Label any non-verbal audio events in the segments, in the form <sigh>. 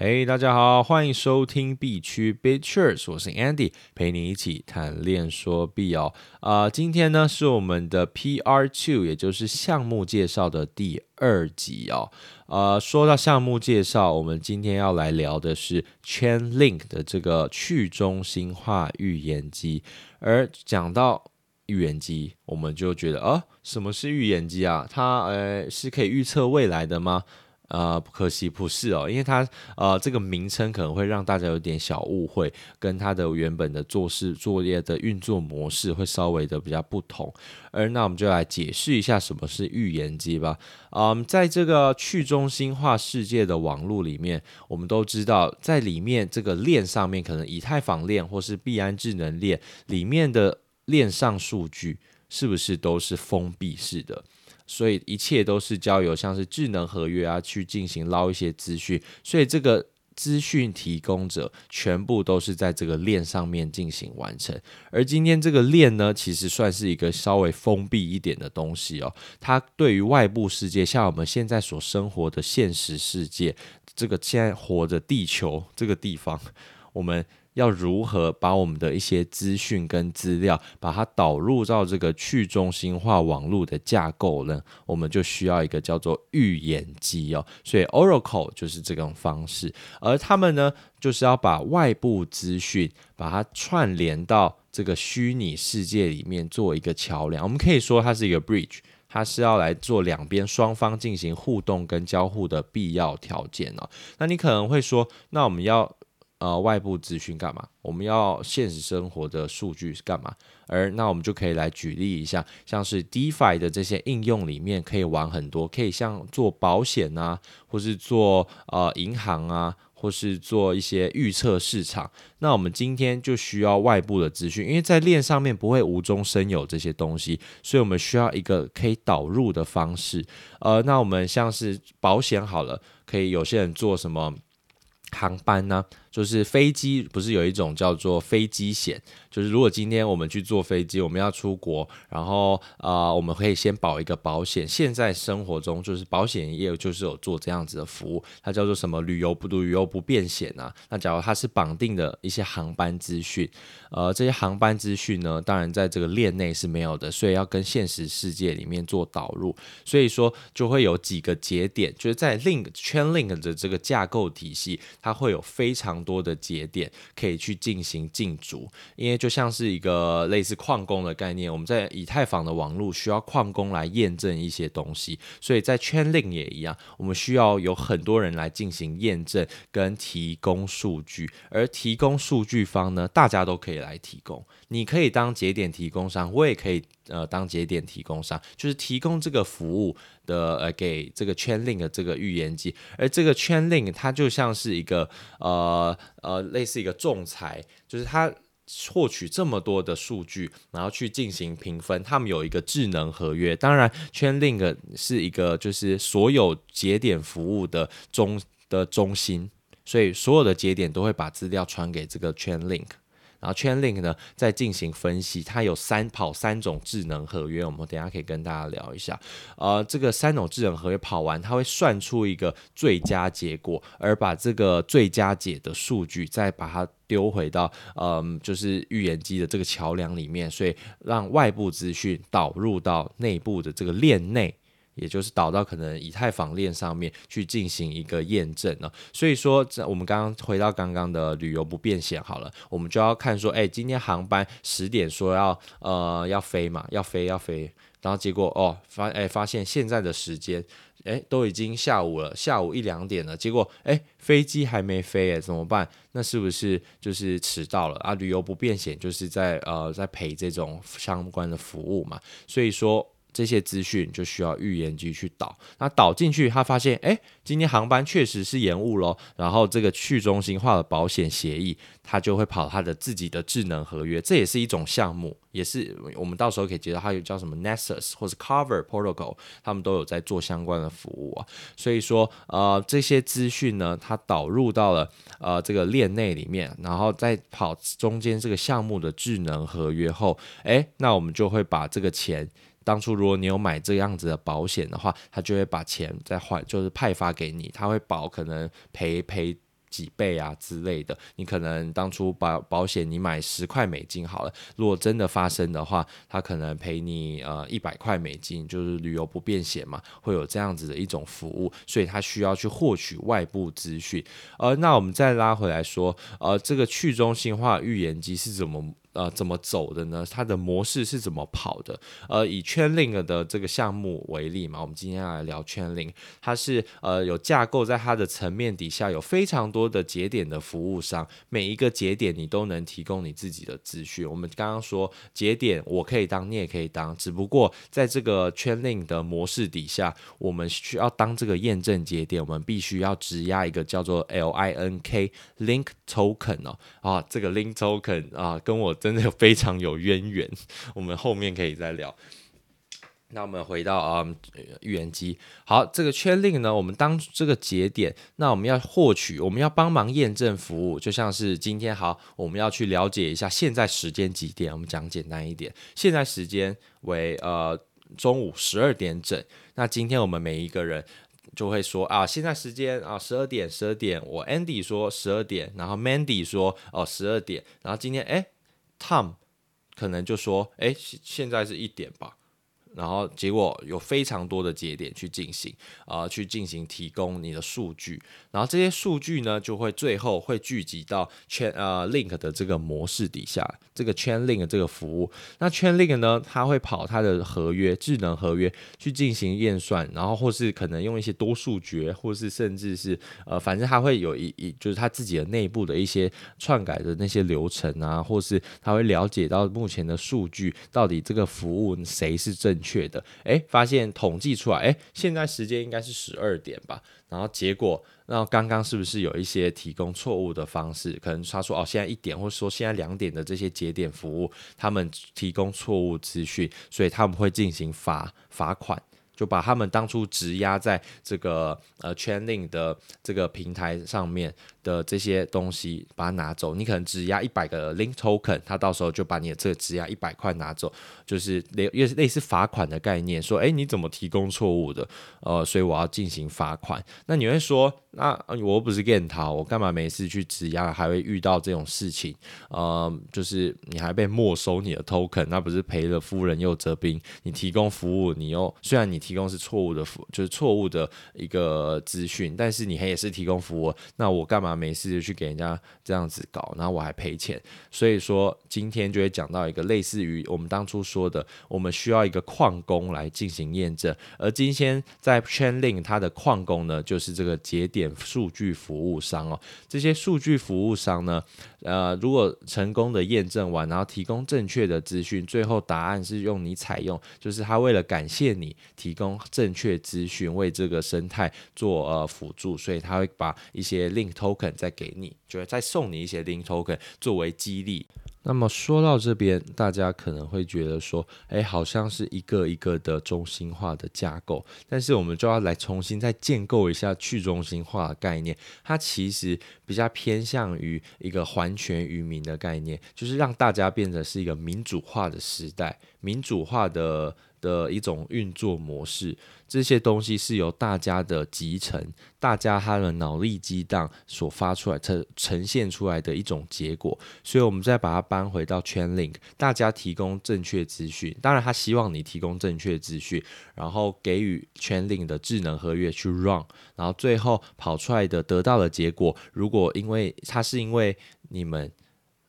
嘿、hey，大家好，歡迎收聽幣區 Bitchers，我是 Andy，陪你一起談、練、說幣哦。啊、呃，今天呢是我們的 PR two，也就是項目介紹的第二集哦。呃，說到項目介紹，我們今天要來聊的是 Chainlink 的這個去中心化預言機。而講到預言機，我們就覺得，哦、呃，什麼是預言機啊？它，呃，是可以預測未來的嗎？呃，可惜不是哦，因為它，呃，這個名稱可能會讓大家有點小誤會，跟它的原本的做事作業的運作模式會稍微的比較不同。而那我們就來解釋一下什麼是預言機吧。嗯、呃，在這個去中心化世界的網絡裡面，我們都知道，在裡面這個鏈上面，可能以太坊鏈或是幣安智能鏈裡面的鏈上數據，是不是都是封閉式的？所以一切都是交由像是智能合約啊去進行撈一些資訊，所以這個資訊提供者全部都是在這個鏈上面進行完成。而今天這個鏈呢，其實算是一個稍微封閉一點的東西哦，它對於外部世界，像我們現在所生活的現實世界，這個現在活著地球這個地方。我們要如何把我們的一些資訊跟資料，把它導入到這個去中心化網絡的架構呢？我們就需要一個叫做預言機哦，所以 Oracle 就是這種方式，而他們呢，就是要把外部資訊把它串聯到這個虛擬世界裡面做一個橋梁。我們可以說它是一個 bridge，它是要來做兩邊雙方進行互動跟交互的必要條件哦。那你可能會說，那我們要呃，外部資訊幹嘛？我們要現實生活的數據是幹嘛？而那我們就可以來舉例一下，像是 DeFi 的這些應用裡面可以玩很多，可以像做保險啊，或是做呃銀行啊，或是做一些預測市場。那我們今天就需要外部的資訊，因為在鏈上面不會無中生有這些東西，所以我們需要一個可以導入的方式。呃，那我們像是保險好了，可以有些人坐什麼航班呢？啊？就是飛機不是有一種叫做飛機險？就是如果今天我們去坐飛機，我們要出國，然後啊、呃，我們可以先保一個保險。現在生活中就是保險業就是有做這樣子的服務，它叫做什麼旅遊不讀旅遊不便險啊？那假如它是綁定的一些航班資訊，呃，這些航班資訊呢，當然在這個鏈內是沒有的，所以要跟現實世界裡面做導入，所以說就會有幾個節點，就是在 Link Chainlink 的這個架構體系，它會有非常。多的節點可以去進行競逐，因為就像是一個類似礦工的概念，我們在以太坊的網絡需要礦工來驗證一些東西，所以在 Chainlink 也一樣，我們需要有很多人來進行驗證跟提供數據，而提供數據方呢，大家都可以來提供，你可以當節點提供商，我也可以。呃，當節點提供商就是提供這個服務的，呃，給這個圈 h l i n k 的這個預言機，而這個圈 h l i n k 它就像是一個呃呃，類似一個仲裁，就是它獲取這麼多的數據，然後去進行評分。他們有一個智能合約，當然圈 h a i l i n k 是一個就是所有節點服務的中的中心，所以所有的節點都會把資料傳給這個圈 h l i n k 然後 Chainlink 呢，再進行分析，它有三，跑三種智能合約，我們等一下可以跟大家聊一下。呃，這個三種智能合約跑完，它會算出一個最佳結果，而把這個最佳解的數據，再把它丟回到，嗯、呃，就是預言機的這個橋梁裡面，所以讓外部資訊導入到內部的這個鏈內。也就是導到可能以太坊鏈上面去進行一個驗證了，所以說這我們剛剛回到剛剛的旅遊不便險好了，我們就要看說，哎、欸，今天航班十點說要呃要飛嘛，要飛要飛，然後結果哦發誒、欸，發現現在的時間誒、欸，都已經下午了，下午一兩點了，結果哎、欸，飛機還沒飛誒，怎麼辦？那是不是就是遲到了啊？旅遊不便險就是在呃在賠這種相關的服務嘛，所以說。這些資訊就需要預言機去導，那導進去，他發現，哎，今天航班確實是延誤了，然後這個去中心化的保險協議，他就會跑他的自己的智能合約，這也是一種項目，也是我們到時候可以接到他有叫什麼 Nexus 或是 Cover Protocol，他們都有在做相關的服務啊。所以說，呃，這些資訊呢，它導入到了呃這個鏈內裡面，然後再跑中間這個項目的智能合約後，哎，那我們就會把這個錢。當初如果你有買這樣子的保險的話，他就會把錢再換，就是派發給你。他會保可能賠賠幾倍啊之類的。你可能當初保保險你買十塊美金好了，如果真的發生的話，他可能賠你呃一百塊美金，就是旅遊不便險嘛，會有這樣子的一種服務。所以他需要去獲取外部資訊。而、呃、那我們再拉回來說，呃，這個去中心化預言機是怎麼？呃，怎麼走的呢？它的模式是怎麼跑的？呃，以圈令 l i n k 的這個項目為例嘛，我們今天要來聊圈令 l i n k 它，是呃有架構在它的層面底下有非常多的節點的服務商，每一個節點你都能提供你自己的資訊。我們剛剛說節點我可以當，你也可以當，只不過在這個圈令 l i n k 的模式底下，我們需要當這個驗證節點，我們必須要質押一個叫做 L I N K Link Token 哦啊，這個 Link Token 啊跟我這。真的非常有淵源，我們後面可以再聊。那我們回到啊、嗯、預言機，好，這個 Chainlink 呢，我們當這個節點，那我們要獲取，我們要幫忙驗證服務，就像是今天好，我們要去了解一下現在時間幾點。我們講簡單一點，現在時間為呃中午十二點整。那今天我們每一個人就會說啊，現在時間啊十二點，十二點。我 Andy 說十二點，然後 Mandy 說哦十二點，然後今天誒。Tom 可能就說：“哎、欸，現現在是一點吧。”然後結果有非常多的節點去進行啊、呃，去進行提供你的數據，然後這些數據呢，就會最後會聚集到 Chain 呃 Link 的這個模式底下，這個 Chain Link 這個服務。那 Chain Link 呢，它會跑它的合約，智能合約去進行驗算，然後或是可能用一些多數決，或是甚至是呃，反正它會有一一就是它自己的內部的一些篡改的那些流程啊，或是他會了解到目前的數據到底這個服務誰是正確的，誒，發現統計出來，誒，現在時間應該是十二點吧。然後結果，那剛剛是不是有一些提供錯誤的方式？可能他說，哦，現在一點，或者說現在兩點的這些節點服務，他們提供錯誤資訊，所以他們會進行罰，罰款。就把他們當初質押在這個呃 Chainlink 的這個平台上面的這些東西，把它拿走。你可能質押一百個 Link Token，他到時候就把你的這個質押一百塊拿走，就是類類似類似罰款的概念。說，誒、欸、你怎麼提供錯誤的？呃，所以我要進行罰款。那你會說？啊，我又不是電淘，我幹嘛沒事，去質押，還會遇到這種事情？呃、嗯，就是你還被沒收你的 token，那不是賠了夫人又折兵？你提供服務，你又雖然你提供是錯誤的服，就是錯誤的一個資訊，但是你還也是提供服務，那我幹嘛沒事去給人家這樣子搞，然後我還賠錢？所以說今天就會講到一個類似於我們當初說的，我們需要一個礦工來進行驗證，而今天在 Chainlink 它的礦工呢，就是這個節點。數據服務商哦，這些數據服務商呢，呃，如果成功的驗證完，然後提供正確的資訊，最後答案是用你採用，就是他為了感謝你提供正確資訊，為這個生態做呃輔助，所以他會把一些 link token 再給你，就是再送你一些 link token 作為激勵。那麼說到這邊，大家可能會覺得說，哎、欸，好像是一個一個的中心化的架構，但是我們就要來重新再建構一下去中心化的概念。它其實比較偏向於一個還權於民的概念，就是讓大家變得是一個民主化的時代，民主化的。的一種運作模式，這些東西是由大家的集成，大家他的腦力激盪所發出來，呈呈現出來的一種結果。所以，我們再把它搬回到 Chainlink，大家提供正確資訊，當然他希望你提供正確資訊，然後給予 Chainlink 的智能合約去 run，然後最後跑出來的得到的結果，如果因為它是因為你們。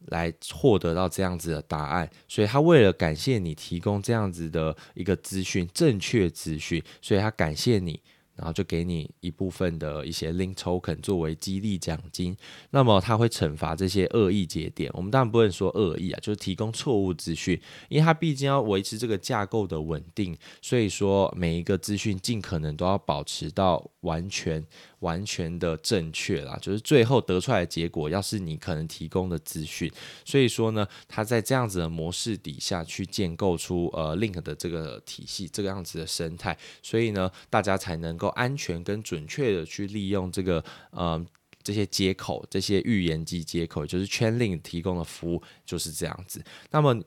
來獲得到這樣子的答案，所以他為了感謝你提供這樣子的一個資訊，正確資訊，所以他感謝你，然後就給你一部分的一些 link token 作為激勵獎金。那麼他會懲罰這些惡意節點，我們當然不能說惡意啊，就是提供錯誤資訊，因為他畢竟要維持這個架構的穩定，所以說每一個資訊盡可能都要保持到完全。完全的正確啦，就是最後得出來的結果，要是你可能提供的資訊，所以說呢，它在這樣子的模式底下，去建構出呃 Link 的這個體系，這個樣子的生態，所以呢，大家才能夠安全跟準確的去利用這個呃這些接口，這些預言機接口，就是 Chainlink 提供的服務，就是這樣子。那麼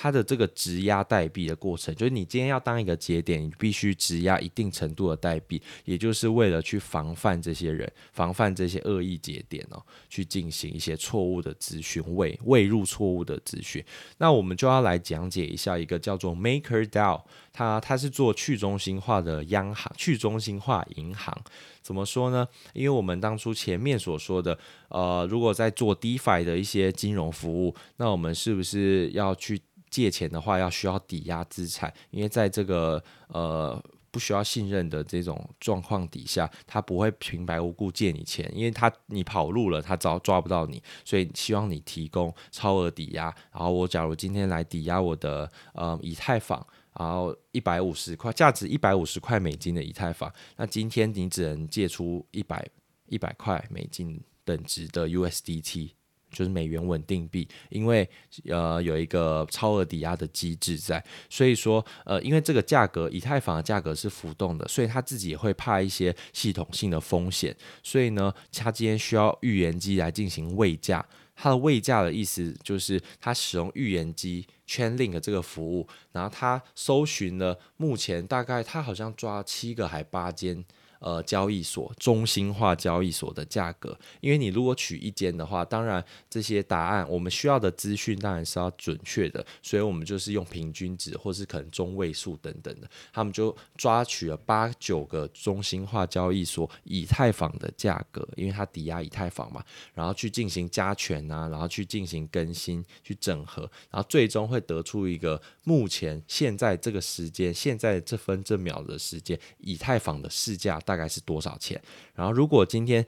它的這個質押代幣的過程，就是你今天要當一個節點，你必須質押一定程度的代幣，也就是為了去防範這些人，防範這些惡意節點哦、喔，去進行一些錯誤的資訊，未未入錯誤的資訊。那我們就要來講解一下一個叫做 MakerDAO，它它是做去中心化的央行、去中心化銀行。怎麼說呢？因為我們當初前面所說的，呃，如果在做 DeFi 的一些金融服務，那我們是不是要去？借錢的話要需要抵押資產，因為在這個呃不需要信任的這種狀況底下，他不會平白無故借你錢，因為他你跑路了，他早抓不到你，所以希望你提供超額抵押。然後我假如今天來抵押我的呃以太坊，然後一百五十塊價值一百五十塊美金的以太坊，那今天你只能借出一百一百塊美金等值的 USDT。就是美元穩定幣，因為呃，有一個超額抵押的機制在，所以說呃，因為這個價格以太坊的價格是浮動的，所以他自己也會怕一些系統性的風險，所以呢他今天需要預言機來進行位價，他的位價的意思就是他使用預言機 Chainlink 的這個服務，然後他搜尋了目前大概他好像抓了七個還八間。呃，交易所、中心化交易所的價格，因為你如果取一間的話，當然這些答案我們需要的資訊當然是要準確的，所以我們就是用平均值或是可能中位數等等的。他們就抓取了八九個中心化交易所以太坊的價格，因為它抵押以太坊嘛，然後去進行加權啊，然後去進行更新、去整合，然後最終會得出一個目前現在這個時間、現在這分這秒的時間以太坊的市價，大概是多少錢？然後，如果今天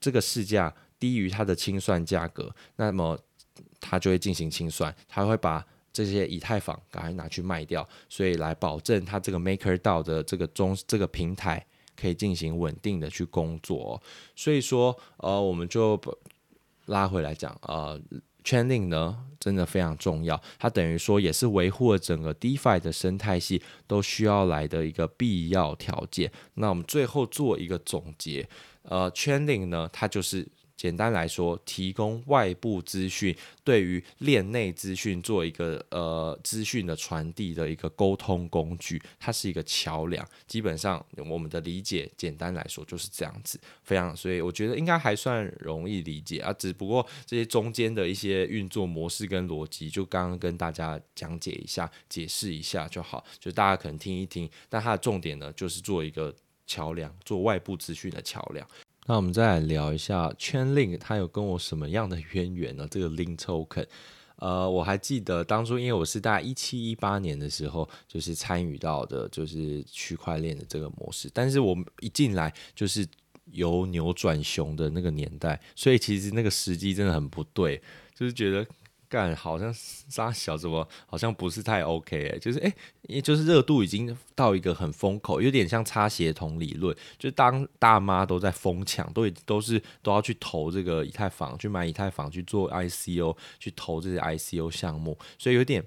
這個市價低於它的清算價格，那麼它就會進行清算，它會把這些以太坊趕快拿去賣掉，所以來保證它這個 MakerDAO 的這個中這個平台可以進行穩定的去工作哦。所以說，呃，我們就不拉回來講，呃。Chainlink 呢，真的非常重要，它等於說也是維護了整個 DeFi 的生態系都需要來的一個必要條件。那我們最後做一個總結，呃，Chainlink 呢，它就是。簡單來說，提供外部資訊對於鏈內資訊做一個呃資訊的傳遞的一個溝通工具，它是一個橋梁。基本上我們的理解，簡單來說就是這樣子，非常，所以我覺得應該還算容易理解啊。只不過這些中間的一些運作模式跟邏輯，就剛剛跟大家講解一下、解釋一下就好，就大家可能聽一聽。但它的重點呢，就是做一個橋梁，做外部資訊的橋梁。那我們再來聊一下 Chainlink 它有跟我什麼樣的淵源呢？這個 Link Token，呃，我還記得當初，因為我是大概一七一八年的時候，就是參與到的，就是區塊鏈的這個模式。但是我一進來就是由牛轉熊的那個年代，所以其實那個時機真的很不對，就是覺得。幹，好像沙小什麼，好像不是太 OK，哎，就是誒，也、欸、就是熱度已經到一個很風口，有點像擦鞋童理論，就當大媽都在瘋搶，都已都是都要去投這個以太坊，去買以太坊，去做 ICO，去投這些 ICO 項目，所以有點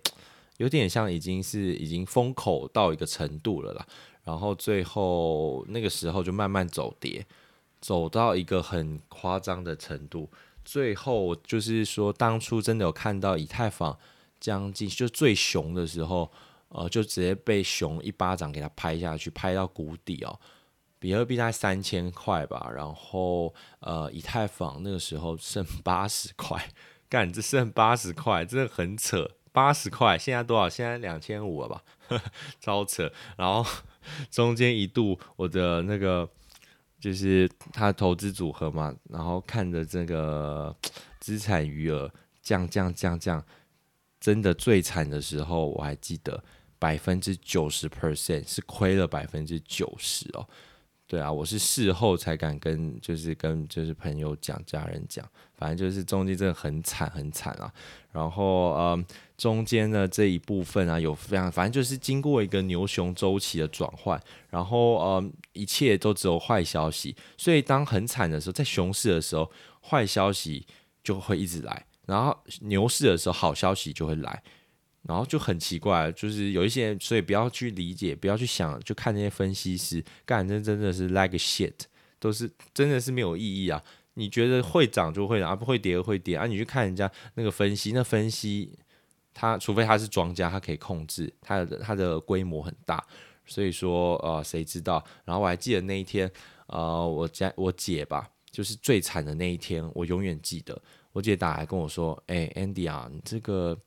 有點像已經是已經風口到一個程度了啦，然後最後那個時候就慢慢走跌，走到一個很誇張的程度。最後就是說，當初真的有看到以太坊將近，就最熊的時候，呃，就直接被熊一巴掌給它拍下去，拍到谷底哦。比特幣大概三千塊吧，然後呃，以太坊那個時候剩八十塊，幹，這剩八十塊，真的很扯，八十塊現在多少？現在兩千五了吧，呵呵，超扯。然後中間一度我的那個。就是他投資組合嘛，然後看着這個資產餘額降降降降，真的最慘的時候，我還記得百分之九十 percent 是虧了百分之九十哦。對啊，我是事後才敢跟，就是跟就是朋友講、家人講，反正就是中間真的很慘很慘啊。然後呃、嗯，中間的這一部分啊，有非常，反正就是經過一個牛熊周期的轉換，然後呃、嗯，一切都只有壞消息。所以當很慘的時候，在熊市的時候，壞消息就會一直來；然後牛市的時候，好消息就會來。然後就很奇怪，就是有一些人，所以不要去理解，不要去想，就看那些分析師，幹真真的是 like shit，都是真的是沒有意義啊！你覺得會漲就會漲，而、啊、不會跌會跌啊！你去看人家那個分析，那分析他，除非他是莊家，他可以控制，他的，他的規模很大，所以說呃，誰知道？然後我還記得那一天，呃，我家我姐吧，就是最慘的那一天，我永遠記得，我姐打來跟我說：“哎、欸、，Andy 啊，你這個。”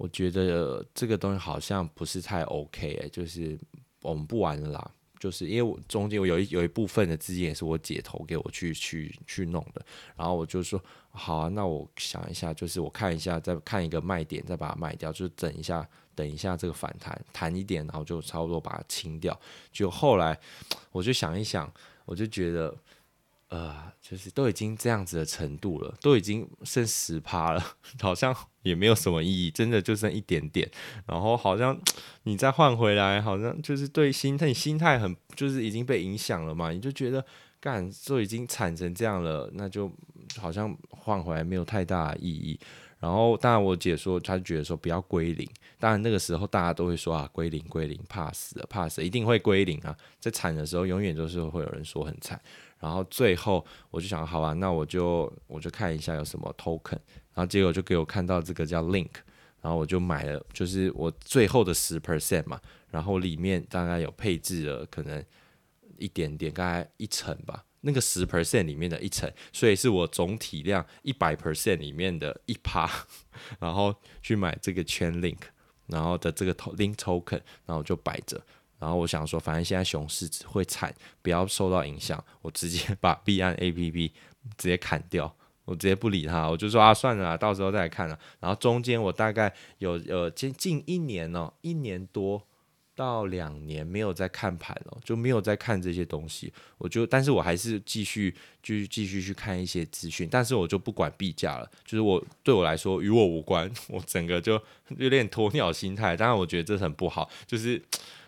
我覺得這個東西好像不是太 OK，就是我們不玩了啦，就是因為我中間我有一有一部分的資金也是我姐投給我去去去弄的，然後我就說好啊，那我想一下，就是我看一下，再看一個賣點，再把它賣掉，就是等一下等一下這個反彈彈一點，然後就差不多把它清掉。就後來我就想一想，我就覺得。呃，就是都已經這樣子的程度了，都已經剩十趴了，好像也沒有什麼意義，真的就剩一點點。然後好像你再換回來，好像就是對心態，你心態很就是已經被影響了嘛，你就覺得幹都已經慘成這樣了，那就好像換回來沒有太大的意義。然後，當然我姐說，她覺得說不要歸零。當然那個時候大家都會說啊，歸零歸零，怕死了怕死了，一定會歸零啊。在慘的時候，永遠都是會有人說很慘。然後最後我就想，好吧、啊，那我就我就看一下有什麼 token。然後結果就給我看到這個叫 LINK，然後我就買了，就是我最後的十 percent 嘛。然後裡面大概有配置了，可能一點點，大概一成吧。那個十 percent 裡面的一層，所以是我總體量一百 percent 裡面的一趴， <laughs> 然後去買這個 Chain Link，然後的這個頭 Link Token，然後就擺着。然後我想說，反正現在熊市，只會慘，不要受到影響，我直接把幣安 APP 直接砍掉，我直接不理他，我就說啊，算了，到時候再來看了。然後中間我大概有呃近近一年哦、喔，一年多，到兩年沒有再看盤了，就沒有再看這些東西。我就，但是我還是繼續，繼續繼續去看一些資訊。但是我就不管幣價了，就是我對我來說與我無關，我整個就，就有點鴕鳥心態。當然，我覺得這很不好，就是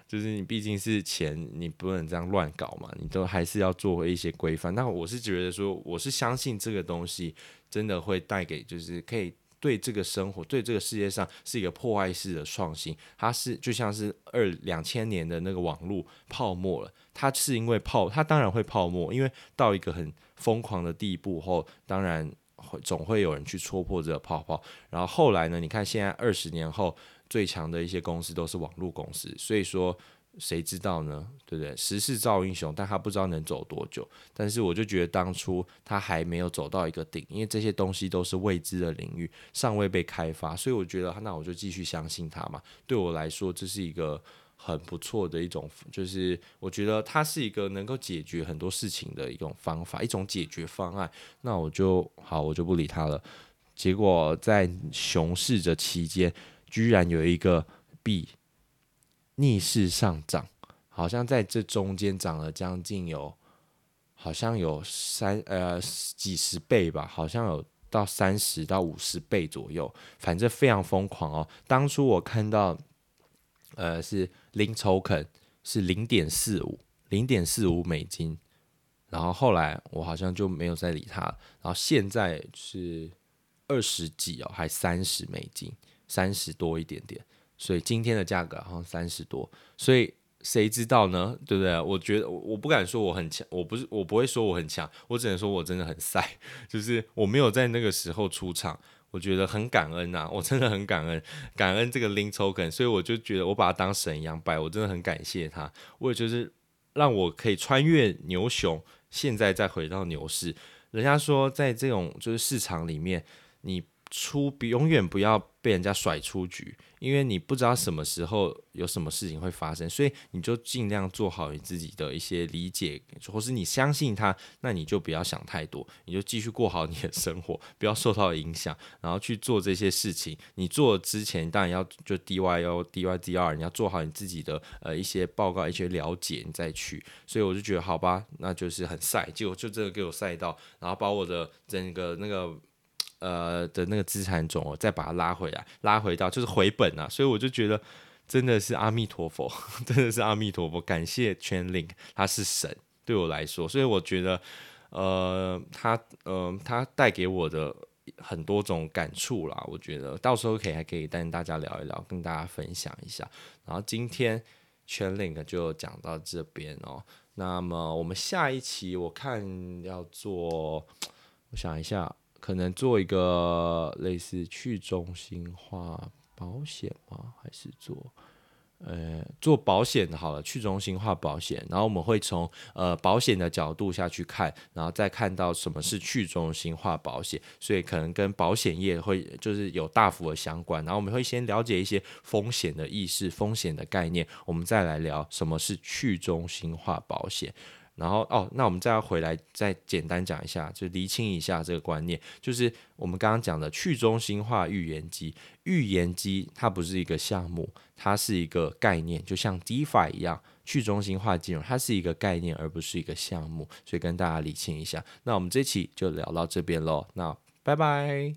就是你畢竟是錢，你不能這樣亂搞嘛，你都還是要做回一些規範。那我是覺得說，我是相信這個東西真的會帶給，就是可以。對這個生活，對這個世界上是一個破壞式的創新。它是就像是二兩千年的那個網絡泡沫了。它是因為泡，它當然會泡沫，因為到一個很瘋狂的地步後，當然會總會有人去戳破這個泡泡。然後後來呢？你看現在二十年後，最強的一些公司都是網絡公司。所以說。誰知道呢？對不對？時勢造英雄，但他不知道能走多久。但是我就覺得當初他還沒有走到一個頂，因為這些東西都是未知的領域，尚未被開發。所以我覺得，那我就繼續相信他嘛。對我來說，這是一個很不錯的一種，就是我覺得它是一個能夠解決很多事情的一種方法，一種解決方案。那我就，好，我就不理他了。結果在熊市的期間，居然有一個幣，逆勢上漲，好像在這中間漲了將近有，好像有三呃幾十倍吧，好像有到三十到五十倍左右，反正非常瘋狂哦。當初我看到，呃是 LINK token 是零點四五零點四五美金，然後後來我好像就沒有再理他了，然後現在是二十幾哦，還三十美金，三十多一點點。所以今天的價格好像三十多，所以誰知道呢？對不對？我覺得我我不敢說我很強，我不是我不會說我很強，我只能說我真的很賽。就是我沒有在那個時候出場，我覺得很感恩吶、啊，我真的很感恩，感恩這個 Link token，所以我就覺得我把它當神一樣拜，我真的很感謝他，我也就是讓我可以穿越牛熊，現在再回到牛市。人家說在這種就是市場裡面，你。出永遠不要被人家甩出局，因為你不知道什麼時候有什麼事情會發生，所以你就盡量做好你自己的一些理解，或是你相信他，那你就不要想太多，你就繼續過好你的生活，不要受到影響，然後去做這些事情。你做之前當然要就 DYOR DYOR，你要做好你自己的呃一些報告、一些了解，你再去。所以我就覺得好吧，那就是很曬，就就這個給我曬到，然後把我的整個那個。呃的那個資產總額，再把它拉回來，拉回到就是回本啊，所以我就覺得真的是阿彌陀佛，真的是阿彌陀佛，感謝 Chainlink 他是神，對我來說，所以我覺得呃他呃他帶給我的很多種感觸啦，我覺得到時候可以還可以帶大家聊一聊，跟大家分享一下。然後今天 Chainlink 的就講到這邊哦，那麼我們下一期我看要做，我想一下。可能做一個類似去中心化保險嗎？還是做呃、欸、做保險好了，去中心化保險。然後我們會從呃保險的角度下去看，然後再看到什麼是去中心化保險。所以可能跟保險業會就是有大幅的相關。然後我們會先了解一些風險的意識、風險的概念，我們再來聊什麼是去中心化保險。然後哦，那我們再要回來再簡單講一下，就釐清一下這個觀念，就是我們剛剛講的去中心化預言機，預言機它不是一個項目，它是一個概念，就像 DeFi 一樣，去中心化金融它是一個概念而不是一個項目，所以跟大家釐清一下。那我們這期就聊到這邊嘍，那拜拜。